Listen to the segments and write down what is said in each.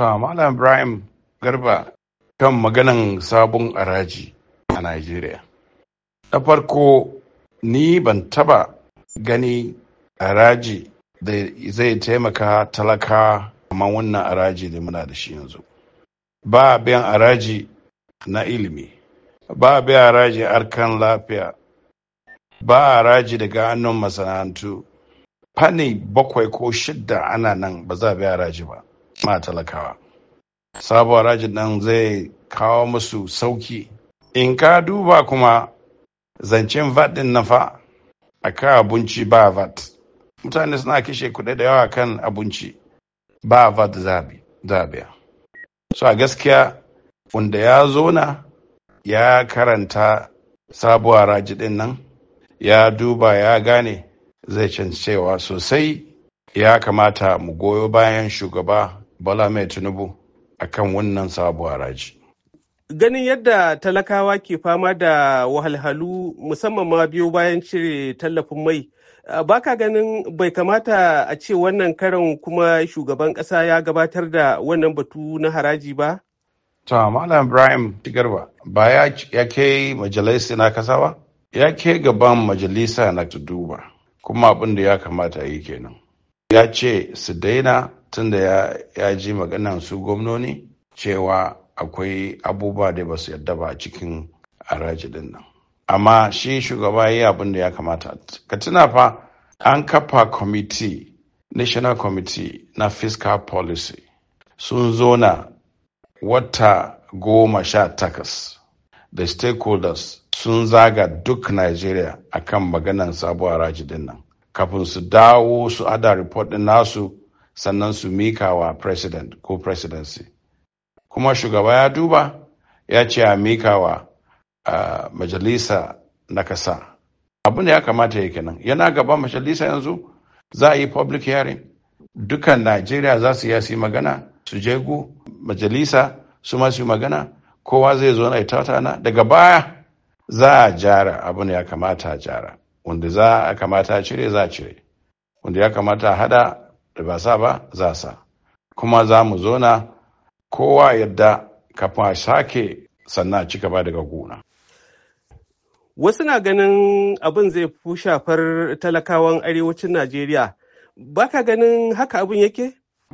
ta malam ibrahim garba kan maganan sabon araji a najeriya na farko ni ban taba gani araji da zai taimaka talaka kamar wannan araji da muna da shi yanzu ba biyan araji na ilimi ba biyan araji arkan lafiya ba araji daga hannun masana'antu Fani bakwai ko shidda ana nan ba za a biya haraji ba ma talakawa sabo harajin nan zai kawo musu sauki in ka duba kuma zancen vat din na fa a ka abinci ba vat mutane suna kishe kuɗi da yawa kan abinci ba vat zabiya so a gaskiya wanda ya zona ya karanta sabuwar raji din nan ya duba ya gane zai cancewa sosai ya kamata mu goyo bayan shugaba Bala Mai Tinubu akan wannan sabuwar raji Ganin yadda talakawa ke fama da wahalhalu musamman ma biyo bayan cire tallafin mai, eh, baka ganin bai kamata a ce wannan karan kuma shugaban ƙasa ya gabatar da wannan batu na haraji ba? Ta Malam Ibrahim Tigarba ba ya ke majalisa na kasa ba? Ya ke gaban majalisa na ta duba, kuma abin da ya kamata yi kenan. Ya ce su daina tunda ya ji maganan su gwamnoni cewa akwai abubuwa da ba su yadda ba a cikin haraji nan amma shi shugaba ya yi abin da ya kamata ka tuna fa an kafa kwamiti national committee na fiscal policy sun zo na wata goma sha takas da stakeholders sun zaga duk nigeria akan maganan sabuwar haraji nan kafin su dawo su ada report din nasu sannan su mika wa president ko presidency kuma shugaba ya duba ya ce a mika wa majalisa na kasa abin da ya kamata ya kenan yana gaba majalisa yanzu za a yi public hearing dukan najeriya za su yi magana su jego majalisa su masu magana kowa zai zo na itautana daga baya za a jara abin da ya kamata a jara wanda za a kamata cire za a cire wanda ya kamata a hada da ba sa ba za sa kuma za mu zona kowa yadda kafin a sake sannan ci gaba daga gona wasu na ganin abin zai fi shafar talakawan arewacin najeriya ba ka ganin haka abin yake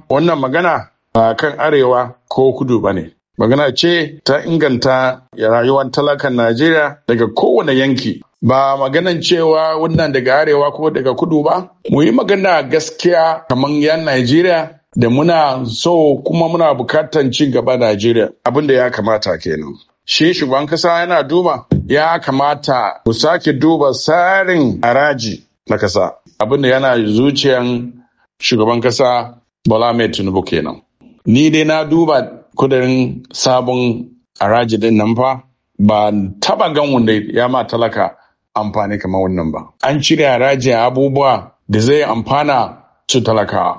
wannan magana ba kan arewa ko kudu ba ne magana ce ta inganta rayuwar talakan najeriya daga kowane yanki ba maganan cewa wannan daga arewa ko daga kudu ba mu yi magana gaskiya kamar yan najeriya da muna so kuma muna bukatan ci gaba najeriya abin da ya kamata kenan shi shugaban kasa yana duba ya kamata ku sake duba tsarin araji na kasa abin da yana zuciyan shugaban kasa bola mai tinubu kenan ni dai na duba kudirin sabon haraji din nan fa ba taba gan wanda ya ma talaka amfani kamar wannan ba. An cire haraji abubuwa da zai amfana su talakawa.